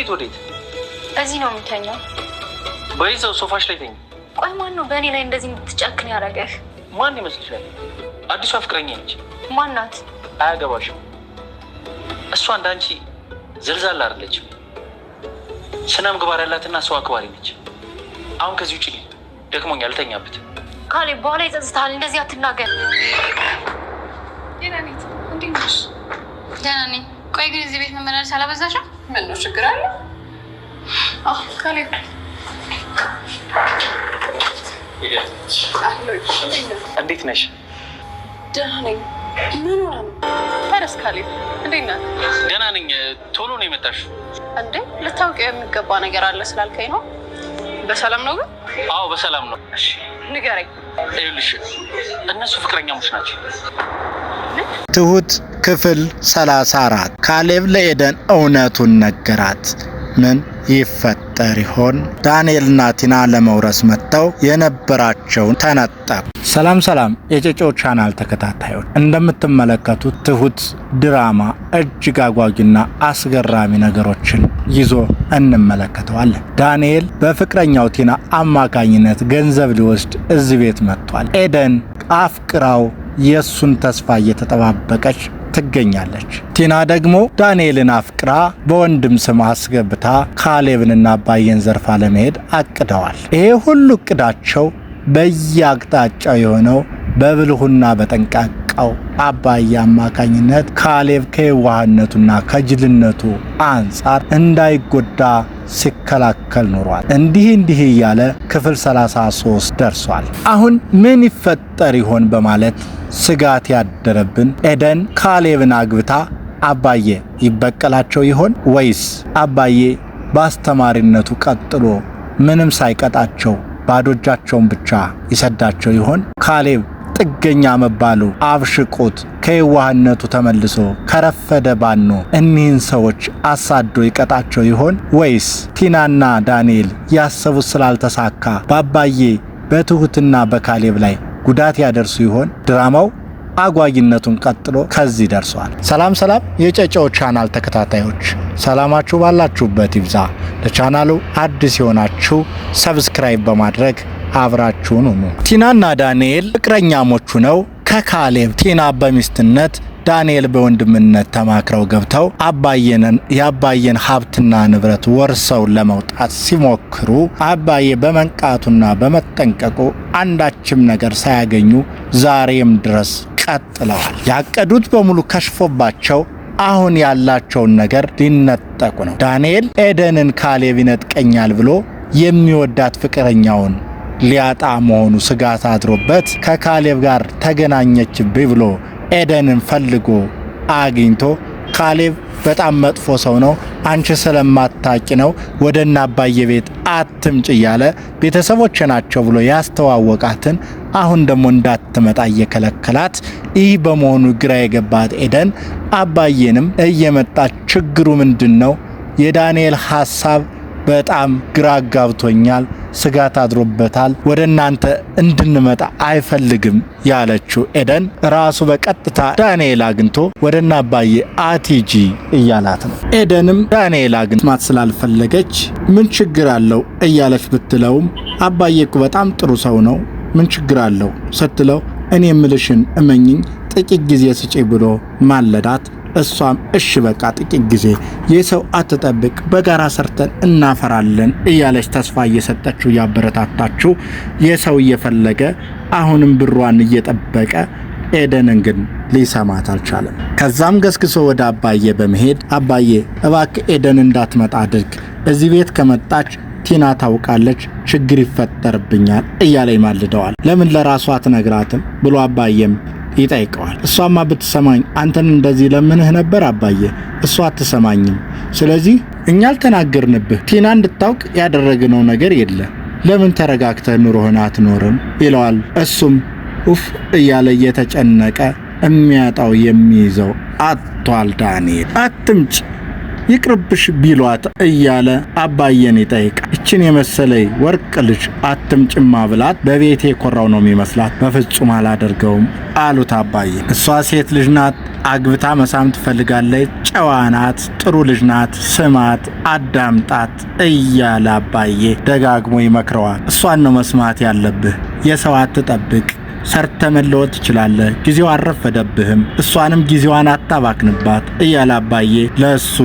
ቤት ወዴት? እዚህ ነው የሚተኛው። በይዘው ሶፋሽ ላይ ተኝ። ቆይ ማን ነው በእኔ ላይ እንደዚህ እንድትጨክን ያደረገህ? ማን ይመስልሻል? አዲሷ ፍቅረኛ ነች። ማን ናት? አያገባሽም። እሷ አንቺ ዘልዛላ አይደለችም። ስነ ምግባር ያላትና ሰው አክባሪ ነች። አሁን ከዚህ ውጭ ደክሞኝ አልተኛበት። ካሌ በኋላ ይጸጽታል። እንደዚህ አትናገር። ደህና ነኝ። ቆይ ግን እዚህ ቤት መመላለስ አላበዛሽም? ምን ነው ችግር አለ? እንዴት ነሽ? ደህና ነኝ። ምን ሆነ ነው? ፈረስ ካሌብ እንዴት ነህ? ደህና ነኝ። ቶሎ ነው የመጣሽው እንዴ? ልታውቂው የሚገባ ነገር አለ ስላልከኝ ነው። በሰላም ነው ግን? አዎ በሰላም ነው። ንገረኝ። ይኸውልሽ እነሱ ፍቅረኛሞች ናቸው። ትሁት ክፍል 34 ካሌብ ለኤደን እውነቱን ነገራት። ምን ይፈጠር ይሆን? ዳንኤልና ቲና ለመውረስ መጥተው የነበራቸውን ተነጠቁ። ሰላም ሰላም፣ የጨጮ ቻናል ተከታታዮች እንደምትመለከቱት ትሁት ድራማ እጅግ አጓጊና አስገራሚ ነገሮችን ይዞ እንመለከተዋለን። ዳንኤል በፍቅረኛው ቲና አማካኝነት ገንዘብ ሊወስድ እዚህ ቤት መጥቷል። ኤደን አፍቅራው የእሱን ተስፋ እየተጠባበቀች ትገኛለች። ቲና ደግሞ ዳንኤልን አፍቅራ በወንድም ስም አስገብታ ካሌብንና አባየን ዘርፋ ለመሄድ አቅደዋል። ይሄ ሁሉ እቅዳቸው በየአቅጣጫው የሆነው በብልሁና በጠንቃቅ በበቃው አባይ አማካኝነት ካሌብ ከየዋህነቱና ከጅልነቱ አንጻር እንዳይጎዳ ሲከላከል ኖሯል። እንዲህ እንዲህ እያለ ክፍል 33 ደርሷል። አሁን ምን ይፈጠር ይሆን በማለት ስጋት ያደረብን ኤደን ካሌብን አግብታ አባዬ ይበቀላቸው ይሆን ወይስ አባዬ በአስተማሪነቱ ቀጥሎ ምንም ሳይቀጣቸው ባዶ እጃቸውን ብቻ ይሰዳቸው ይሆን? ካሌብ ጥገኛ መባሉ አብሽቁት። ከየዋህነቱ ተመልሶ ከረፈደ ባኖ እኒህን ሰዎች አሳዶ ይቀጣቸው ይሆን ወይስ ቲናና ዳንኤል ያሰቡት ስላልተሳካ በአባዬ በትሁትና በካሌብ ላይ ጉዳት ያደርሱ ይሆን? ድራማው አጓጊነቱን ቀጥሎ ከዚህ ደርሷል። ሰላም ሰላም፣ የጨጨው ቻናል ተከታታዮች ሰላማችሁ ባላችሁበት ይብዛ። ለቻናሉ አዲስ የሆናችሁ ሰብስክራይብ በማድረግ አብራችሁን ሁኑ። ቲናና ዳንኤል ፍቅረኛሞቹ ነው። ከካሌብ ቲና በሚስትነት ዳንኤል በወንድምነት ተማክረው ገብተው አባየንን የአባየን ሀብትና ንብረት ወርሰው ለመውጣት ሲሞክሩ አባዬ በመንቃቱና በመጠንቀቁ አንዳችም ነገር ሳያገኙ ዛሬም ድረስ ቀጥለዋል። ያቀዱት በሙሉ ከሽፎባቸው አሁን ያላቸውን ነገር ሊነጠቁ ነው። ዳንኤል ኤደንን ካሌብ ይነጥቀኛል ብሎ የሚወዳት ፍቅረኛውን ሊያጣ መሆኑ ስጋት አድሮበት ከካሌብ ጋር ተገናኘችብኝ ብሎ ኤደንን ፈልጎ አግኝቶ ካሌብ በጣም መጥፎ ሰው ነው፣ አንቺ ስለማታቂ ነው ወደ እናባዬ ቤት አትምጭ እያለ ቤተሰቦች ናቸው ብሎ ያስተዋወቃትን አሁን ደግሞ እንዳትመጣ እየከለከላት፣ ይህ በመሆኑ ግራ የገባት ኤደን አባዬንም እየመጣ ችግሩ ምንድን ነው የዳንኤል ሀሳብ በጣም ግራ አጋብቶኛል፣ ስጋት አድሮበታል፣ ወደ እናንተ እንድንመጣ አይፈልግም ያለችው ኤደን ራሱ በቀጥታ ዳንኤል አግኝቶ ወደ አባዬ አቲጂ እያላት ነው። ኤደንም ዳንኤል ማት ስላልፈለገች ምን ችግር አለው እያለች ብትለውም አባዬ እኮ በጣም ጥሩ ሰው ነው፣ ምን ችግር አለው ስትለው እኔ ምልሽን እመኝኝ ጥቂት ጊዜ ስጪ ብሎ ማለዳት እሷም እሺ በቃ ጥቂት ጊዜ የሰው አትጠብቅ፣ በጋራ ሰርተን እናፈራለን እያለች ተስፋ እየሰጠችው እያበረታታችው የሰው እየፈለገ አሁንም ብሯን እየጠበቀ ኤደንን ግን ሊሰማት አልቻለም። ከዛም ገስግሶ ወደ አባዬ በመሄድ አባዬ እባክ ኤደን እንዳትመጣ አድርግ፣ እዚህ ቤት ከመጣች ቲና ታውቃለች፣ ችግር ይፈጠርብኛል እያለ ይማልደዋል። ለምን ለራሷ አትነግራትም ብሎ አባዬም ይጠይቀዋል። እሷማ ብትሰማኝ አንተን እንደዚህ ለምንህ ነበር አባዬ፣ እሷ አትሰማኝም። ስለዚህ እኛ አልተናገርንብህ። ቲና እንድታውቅ ያደረግነው ነገር የለ። ለምን ተረጋግተህ ኑሮህን አትኖርም? ይለዋል። እሱም ኡፍ እያለ እየተጨነቀ የሚያጣው የሚይዘው አቷል ዳንኤል አትምጭ ይቅርብሽ ቢሏት እያለ አባዬን ይጠይቃል። ይችን የመሰለይ ወርቅ ልጅ አትምጭማ ብላት በቤቴ የኮራው ነው የሚመስላት። በፍጹም አላደርገውም አሉት አባዬ። እሷ ሴት ልጅ ናት፣ አግብታ መሳም ትፈልጋለች፣ ጨዋ ናት፣ ጥሩ ልጅ ናት፣ ስማት፣ አዳምጣት እያለ አባዬ ደጋግሞ ይመክረዋል። እሷን ነው መስማት ያለብህ፣ የሰው አትጠብቅ ሰርተ መለወጥ ትችላለህ። ጊዜው አረፈደብህም። እሷንም ጊዜዋን አታባክንባት እያለ አባዬ ለእሱ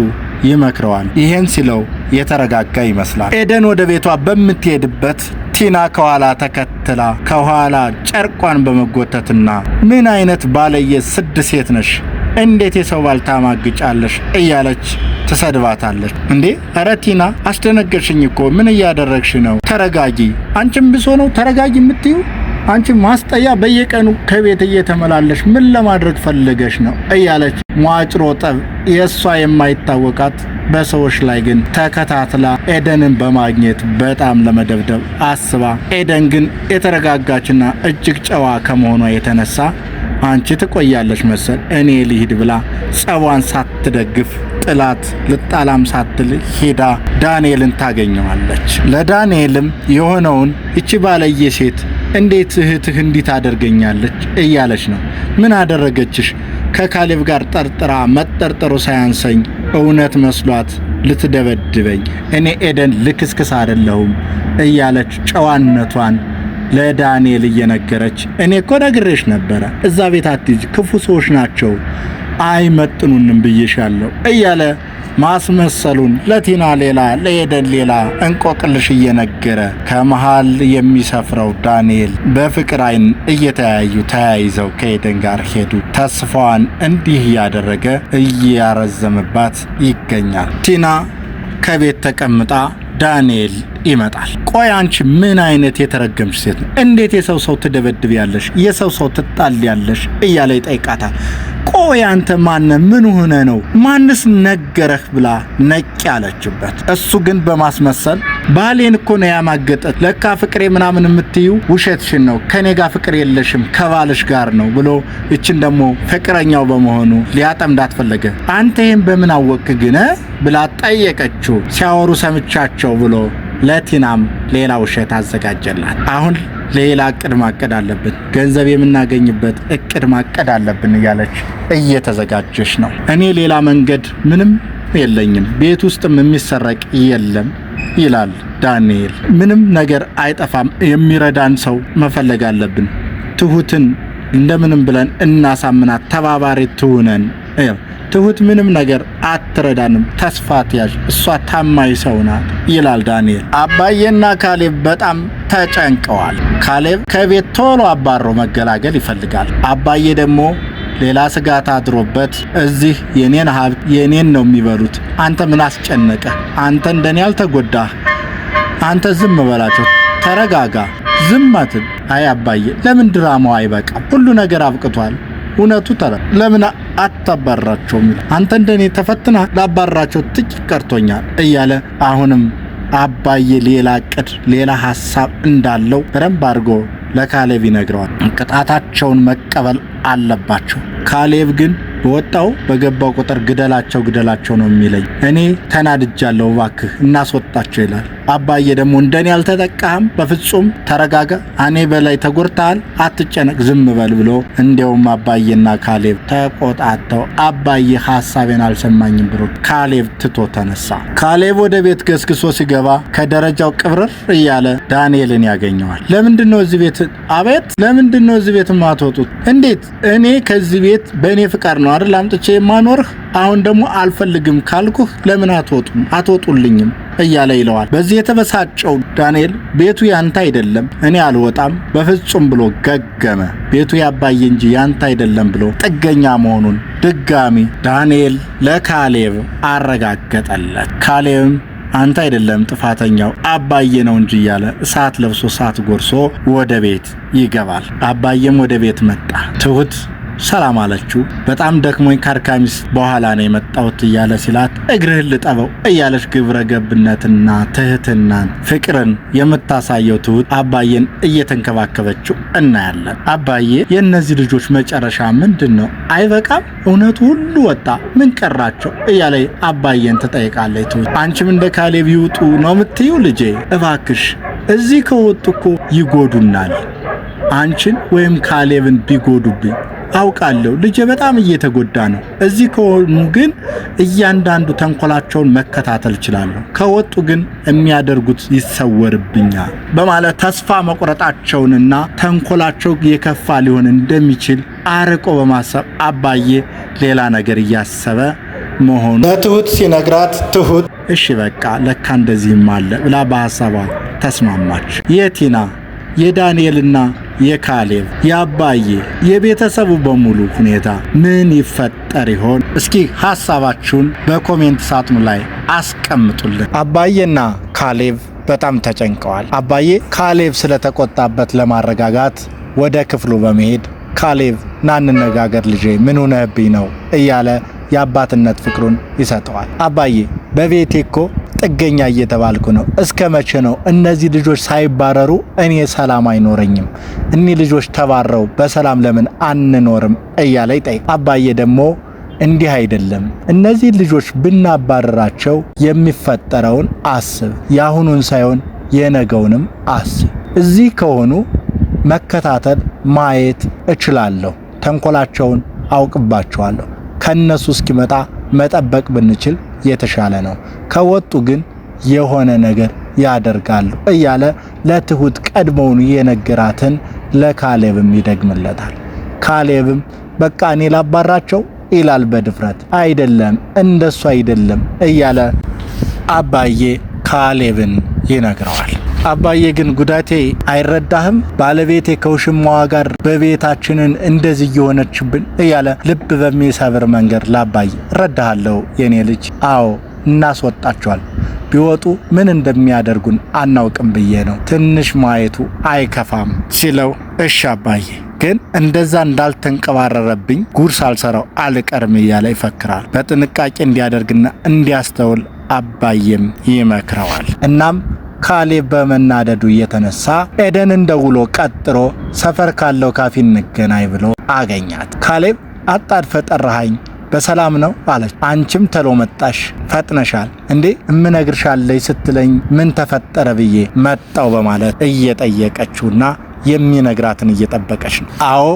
ይመክረዋል። ይሄን ሲለው የተረጋጋ ይመስላል። ኤደን ወደ ቤቷ በምትሄድበት ቲና ከኋላ ተከትላ ከኋላ ጨርቋን በመጎተትና ምን አይነት ባለየ ስድ ሴት ነሽ እንዴት የሰው ባል ታማግጫለሽ? እያለች ትሰድባታለች። እንዴ እረ ቲና አስደነገርሽኝ እኮ ምን እያደረግሽ ነው? ተረጋጊ። አንቺም ብሶ ነው ተረጋጊ የምትዩ አንቺ ማስጠያ በየቀኑ ከቤት እየተመላለሽ ምን ለማድረግ ፈለገሽ ነው እያለች ሟጭሮ ጠብ የእሷ የማይታወቃት በሰዎች ላይ ግን ተከታትላ ኤደንን በማግኘት በጣም ለመደብደብ አስባ፣ ኤደን ግን የተረጋጋችና እጅግ ጨዋ ከመሆኗ የተነሳ አንቺ ትቆያለች መሰል እኔ ልሂድ ብላ ጸቧን ሳትደግፍ ጥላት ልጣላም ሳትል ሄዳ ዳንኤልን ታገኘዋለች። ለዳንኤልም የሆነውን ይቺ ባለየ ሴት እንዴት እህትህ እንዲህ አደርገኛለች እያለች ነው። ምን አደረገችሽ? ከካሌብ ጋር ጠርጥራ መጠርጠሩ ሳያንሰኝ እውነት መስሏት ልትደበድበኝ፣ እኔ ኤደን ልክስክስ አይደለሁም እያለች ጨዋነቷን ለዳንኤል እየነገረች እኔ እኮ ነግሬሽ ነበረ፣ እዛ ቤት አትሂጂ፣ ክፉ ሰዎች ናቸው አይመጥኑንም ብዬሻለሁ እያለ ማስመሰሉን ለቲና ሌላ ለኤደን ሌላ እንቆቅልሽ እየነገረ ከመሃል የሚሰፍረው ዳንኤል በፍቅር አይን እየተያዩ ተያይዘው ከኤደን ጋር ሄዱ። ተስፋዋን እንዲህ እያደረገ እያረዘመባት ይገኛል። ቲና ከቤት ተቀምጣ ዳንኤል ይመጣል። ቆይ አንቺ ምን አይነት የተረገምሽ ሴት ነው? እንዴት የሰው ሰው ትደበድብ ያለሽ የሰው ሰው ትጣል ያለሽ እያለ ይጠይቃታል። ቆይ አንተ ማነ ምን ሆነ ነው ማንስ ነገረህ ብላ ነቅ ያለችበት። እሱ ግን በማስመሰል ባሌን እኮ ነው ያማገጠት፣ ለካ ፍቅሬ ምናምን የምትዩ ውሸትሽን ነው፣ ከኔ ጋር ፍቅር የለሽም ከባልሽ ጋር ነው ብሎ ይችን ደግሞ ፍቅረኛው በመሆኑ ሊያጠምዳት ፈለገ። አንተ ይህን በምን አወቅ ግን ብላ ጠየቀችው። ሲያወሩ ሰምቻቸው ብሎ ለቲናም ሌላ ውሸት አዘጋጀላት። አሁን ሌላ እቅድ ማቀድ አለብን፣ ገንዘብ የምናገኝበት እቅድ ማቀድ አለብን እያለች እየተዘጋጀች ነው። እኔ ሌላ መንገድ ምንም የለኝም፣ ቤት ውስጥም የሚሰረቅ የለም ይላል ዳንኤል። ምንም ነገር አይጠፋም፣ የሚረዳን ሰው መፈለግ አለብን። ትሁትን እንደምንም ብለን እናሳምናት፣ ተባባሪ ትሁነን ትሁት ምንም ነገር አትረዳንም፣ ተስፋ ትያዥ፣ እሷ ታማኝ ሰው ናት ይላል ዳንኤል። አባዬና ካሌብ በጣም ተጨንቀዋል። ካሌብ ከቤት ቶሎ አባሮ መገላገል ይፈልጋል። አባዬ ደግሞ ሌላ ስጋት አድሮበት እዚህ የኔን ሀብት የኔን ነው የሚበሉት፣ አንተ ምን አስጨነቀ? አንተ እንደኔ አልተጎዳህ፣ አንተ ዝም በላቸው፣ ተረጋጋ፣ ዝም አትል። አይ አባዬ፣ ለምን ድራማው አይበቃም? ሁሉ ነገር አብቅቷል። እውነቱ ተረ ለምን አታባራቸውም አንተ እንደኔ ተፈትና ላባራቸው ጥቂት ቀርቶኛል እያለ አሁንም አባዬ ሌላ እቅድ ሌላ ሀሳብ እንዳለው በደንብ አድርጎ ለካሌብ ይነግረዋል። ቅጣታቸውን መቀበል አለባቸው። ካሌብ ግን በወጣው በገባው ቁጥር ግደላቸው ግደላቸው ነው የሚለኝ። እኔ ተናድጃለሁ፣ እባክህ እናስወጣቸው ይላል። አባዬ ደግሞ እንደኔ አልተጠቃህም፣ በፍጹም ተረጋጋ፣ እኔ በላይ ተጎድተሃል፣ አትጨነቅ፣ ዝም በል ብሎ እንዲያውም አባዬና ካሌብ ተቆጣተው አባዬ ሀሳቤን አልሰማኝም ብሎ ካሌብ ትቶ ተነሳ። ካሌብ ወደ ቤት ገስግሶ ሲገባ ከደረጃው ቅብርር እያለ ዳንኤልን ያገኘዋል። ለምንድን ነው እዚህ ቤት አቤት፣ ለምንድን ነው እዚህ ቤት ማትወጡት? እንዴት እኔ ከዚህ ቤት በእኔ ፍቃድ ነው አይደል አምጥቼ የማኖርህ? አሁን ደግሞ አልፈልግም ካልኩህ ለምን አትወጡም አትወጡልኝም? እያለ ይለዋል። በዚህ የተበሳጨው ዳንኤል ቤቱ ያንተ አይደለም እኔ አልወጣም በፍጹም ብሎ ገገመ። ቤቱ ያባዬ እንጂ ያንተ አይደለም ብሎ ጥገኛ መሆኑን ድጋሚ ዳንኤል ለካሌብ አረጋገጠለት። ካሌብም አንተ አይደለም ጥፋተኛው አባዬ ነው እንጂ እያለ እሳት ለብሶ እሳት ጎርሶ ወደ ቤት ይገባል። አባዬም ወደ ቤት መጣ። ትሁት ሰላም አለችው። በጣም ደክሞኝ ካርካሚስ በኋላ ነው የመጣሁት እያለ ሲላት እግርህን ልጠበው እያለች ግብረ ገብነትና ትህትናን ፍቅርን የምታሳየው ትሁት አባዬን እየተንከባከበችው እናያለን። አባዬ የእነዚህ ልጆች መጨረሻ ምንድን ነው? አይበቃም? እውነቱ ሁሉ ወጣ፣ ምን ቀራቸው? እያለ አባዬን ትጠይቃለች ትሁት። አንቺም እንደ ካሌብ ይውጡ ነው የምትዩ? ልጄ እባክሽ እዚህ ከወጡ እኮ ይጎዱናል። አንቺን ወይም ካሌብን ቢጎዱብኝ አውቃለሁ ልጄ በጣም እየተጎዳ ነው። እዚህ ከሆኑ ግን እያንዳንዱ ተንኮላቸውን መከታተል እችላለሁ። ከወጡ ግን የሚያደርጉት ይሰወርብኛል በማለት ተስፋ መቁረጣቸውንና ተንኮላቸው የከፋ ሊሆን እንደሚችል አርቆ በማሰብ አባዬ ሌላ ነገር እያሰበ መሆኑ ለትሁት ሲነግራት ትሁት እሺ በቃ ለካ እንደዚህም አለ ብላ በሀሳቧ ተስማማች። የቲና የዳንኤልና የካሌብ የአባዬ የቤተሰቡ በሙሉ ሁኔታ ምን ይፈጠር ይሆን? እስኪ ሐሳባችሁን በኮሜንት ሳጥኑ ላይ አስቀምጡልን። አባዬና ካሌብ በጣም ተጨንቀዋል። አባዬ ካሌብ ስለተቆጣበት ለማረጋጋት ወደ ክፍሉ በመሄድ ካሌብ ና እንነጋገር ልጄ፣ ምን ሆነህብኝ ነው እያለ የአባትነት ፍቅሩን ይሰጠዋል። አባዬ በቤቴ እኮ ጥገኛ እየተባልኩ ነው። እስከ መቼ ነው እነዚህ ልጆች ሳይባረሩ እኔ ሰላም አይኖረኝም? እኒህ ልጆች ተባረው በሰላም ለምን አንኖርም? እያለ ይጠይቅ። አባዬ ደግሞ እንዲህ አይደለም፣ እነዚህ ልጆች ብናባረራቸው የሚፈጠረውን አስብ፣ የአሁኑን ሳይሆን የነገውንም አስብ። እዚህ ከሆኑ መከታተል ማየት እችላለሁ፣ ተንኮላቸውን አውቅባቸዋለሁ። ከእነሱ እስኪመጣ መጠበቅ ብንችል የተሻለ ነው። ከወጡ ግን የሆነ ነገር ያደርጋሉ እያለ ለትሁት ቀድሞውን የነገራትን ለካሌብም ይደግምለታል። ካሌብም በቃ እኔ ላባራቸው ይላል በድፍረት። አይደለም እንደሱ አይደለም እያለ አባዬ ካሌብን ይነግረዋል። አባዬ ግን ጉዳቴ አይረዳህም? ባለቤቴ ከውሽማዋ ጋር በቤታችንን እንደዚህ እየሆነችብን እያለ ልብ በሚሰብር መንገድ ለአባዬ እረዳሃለሁ የኔ ልጅ፣ አዎ እናስወጣቸዋል ቢወጡ ምን እንደሚያደርጉን አናውቅም ብዬ ነው። ትንሽ ማየቱ አይከፋም ሲለው እሺ አባዬ ግን እንደዛ እንዳልተንቀባረረብኝ ጉድ ሳልሰራው አልቀርም እያለ ይፈክራል። በጥንቃቄ እንዲያደርግና እንዲያስተውል አባዬም ይመክረዋል። እናም ካሌብ በመናደዱ እየተነሳ ኤደንን ደውሎ ቀጥሮ ሰፈር ካለው ካፊ እንገናኝ ብሎ አገኛት። ካሌብ አጣድፈ ጠራሃኝ በሰላም ነው አለች። አንቺም ተሎ መጣሽ ፈጥነሻል እንዴ እምነግርሻለች ስትለኝ ምን ተፈጠረ ብዬ መጣው በማለት እየጠየቀችውና የሚነግራትን እየጠበቀች ነው። አዎ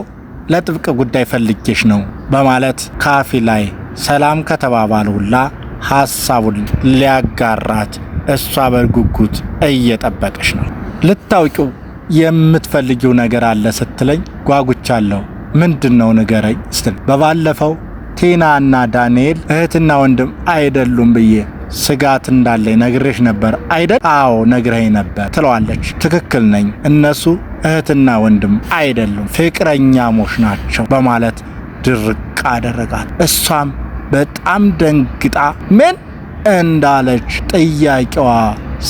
ለጥብቅ ጉዳይ ፈልጌሽ ነው በማለት ካፊ ላይ ሰላም ከተባባሉ ሁላ ሀሳቡን ሊያጋራት እሷ በጉጉት እየጠበቀች ነው። ልታውቂው የምትፈልጊው ነገር አለ ስትለኝ ጓጉቻለሁ። ምንድን ነው ንገረኝ ስትል በባለፈው እና ዳንኤል እህትና ወንድም አይደሉም ብዬ ስጋት እንዳለኝ ነግሬሽ ነበር አይደል? አዎ ነግረኝ ነበር ትለዋለች። ትክክል ነኝ፣ እነሱ እህትና ወንድም አይደሉም ፍቅረኛሞች ናቸው በማለት ድርቅ አደረጋት። እሷም በጣም ደንግጣ ምን እንዳለች ጥያቄዋ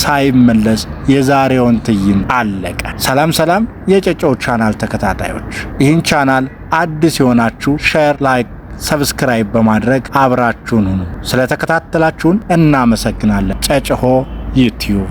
ሳይመለስ የዛሬውን ትዕይንት አለቀ። ሰላም ሰላም፣ የጨጨው ቻናል ተከታታዮች፣ ይህን ቻናል አዲስ የሆናችሁ ሼር፣ ላይክ፣ ሰብስክራይብ በማድረግ አብራችሁን ሁኑ። ስለተከታተላችሁን እናመሰግናለን። ጨጨሆ ዩቲዩብ